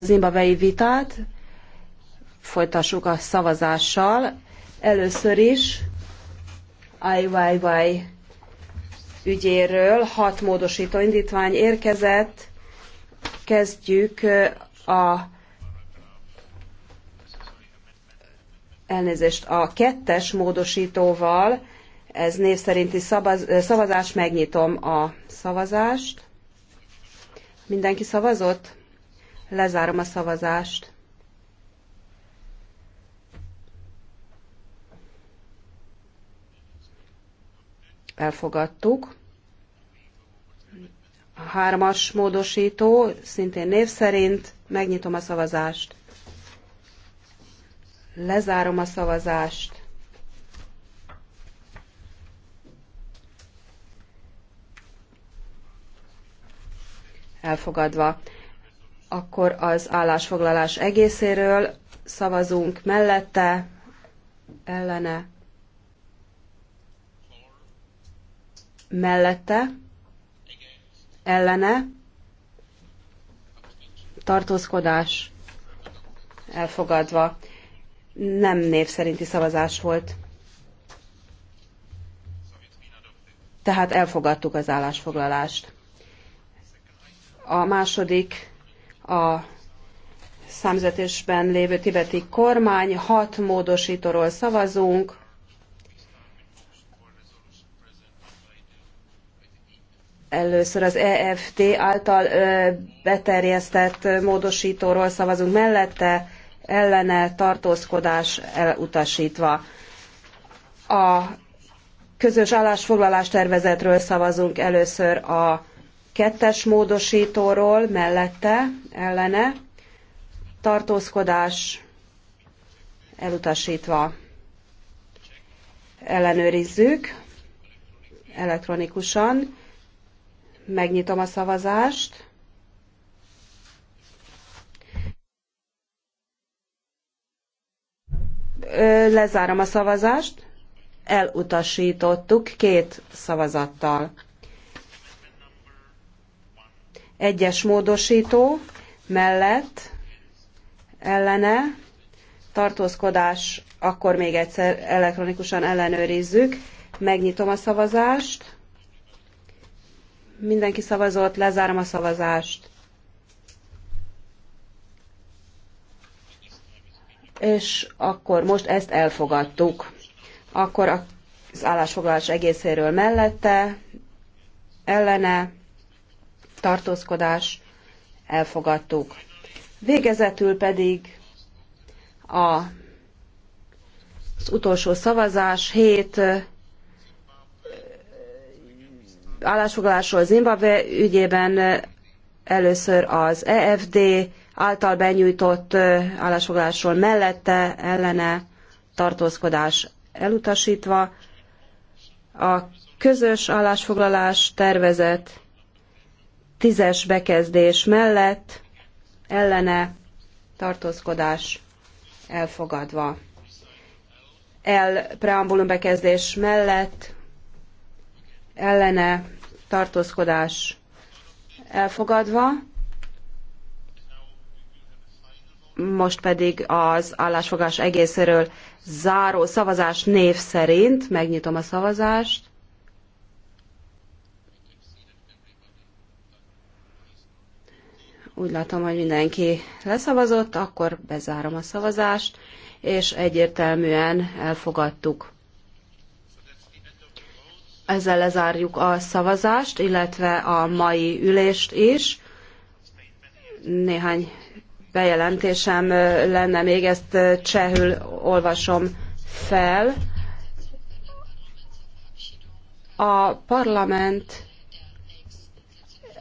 zimbabwei vitát. Folytassuk a szavazással. Először is IYY ügyéről hat módosító indítvány érkezett. Kezdjük a elnézést a kettes módosítóval. Ez név szerinti szavaz, szavazás, megnyitom a szavazást. Mindenki szavazott? Lezárom a szavazást. Elfogadtuk. A hármas módosító, szintén név szerint megnyitom a szavazást. Lezárom a szavazást. Elfogadva. Akkor az állásfoglalás egészéről szavazunk mellette, ellene, mellette, ellene, tartózkodás elfogadva. Nem név szerinti szavazás volt. Tehát elfogadtuk az állásfoglalást. A második a számzetésben lévő tibeti kormány, hat módosítóról szavazunk. Először az EFT által beterjesztett módosítóról szavazunk mellette, ellene tartózkodás elutasítva. A közös állásfoglalás tervezetről szavazunk először a Kettes módosítóról mellette, ellene, tartózkodás elutasítva. Ellenőrizzük elektronikusan. Megnyitom a szavazást. Lezárom a szavazást. Elutasítottuk két szavazattal. Egyes módosító mellett ellene tartózkodás, akkor még egyszer elektronikusan ellenőrizzük. Megnyitom a szavazást. Mindenki szavazott, lezárom a szavazást. És akkor most ezt elfogadtuk. Akkor az állásfoglalás egészéről mellette, ellene, tartózkodás, elfogadtuk. Végezetül pedig a, az utolsó szavazás hét állásfoglalásról Zimbabwe ügyében először az EFD által benyújtott állásfoglalásról mellette ellene tartózkodás elutasítva. A közös állásfoglalás tervezet Tízes bekezdés mellett ellene tartózkodás elfogadva. El preambulum bekezdés mellett ellene tartózkodás elfogadva. Most pedig az állásfogás egészéről záró szavazás név szerint megnyitom a szavazást. Úgy látom, hogy mindenki leszavazott, akkor bezárom a szavazást, és egyértelműen elfogadtuk. Ezzel lezárjuk a szavazást, illetve a mai ülést is. Néhány bejelentésem lenne még, ezt csehül olvasom fel. A parlament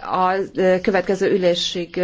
a következő ülésig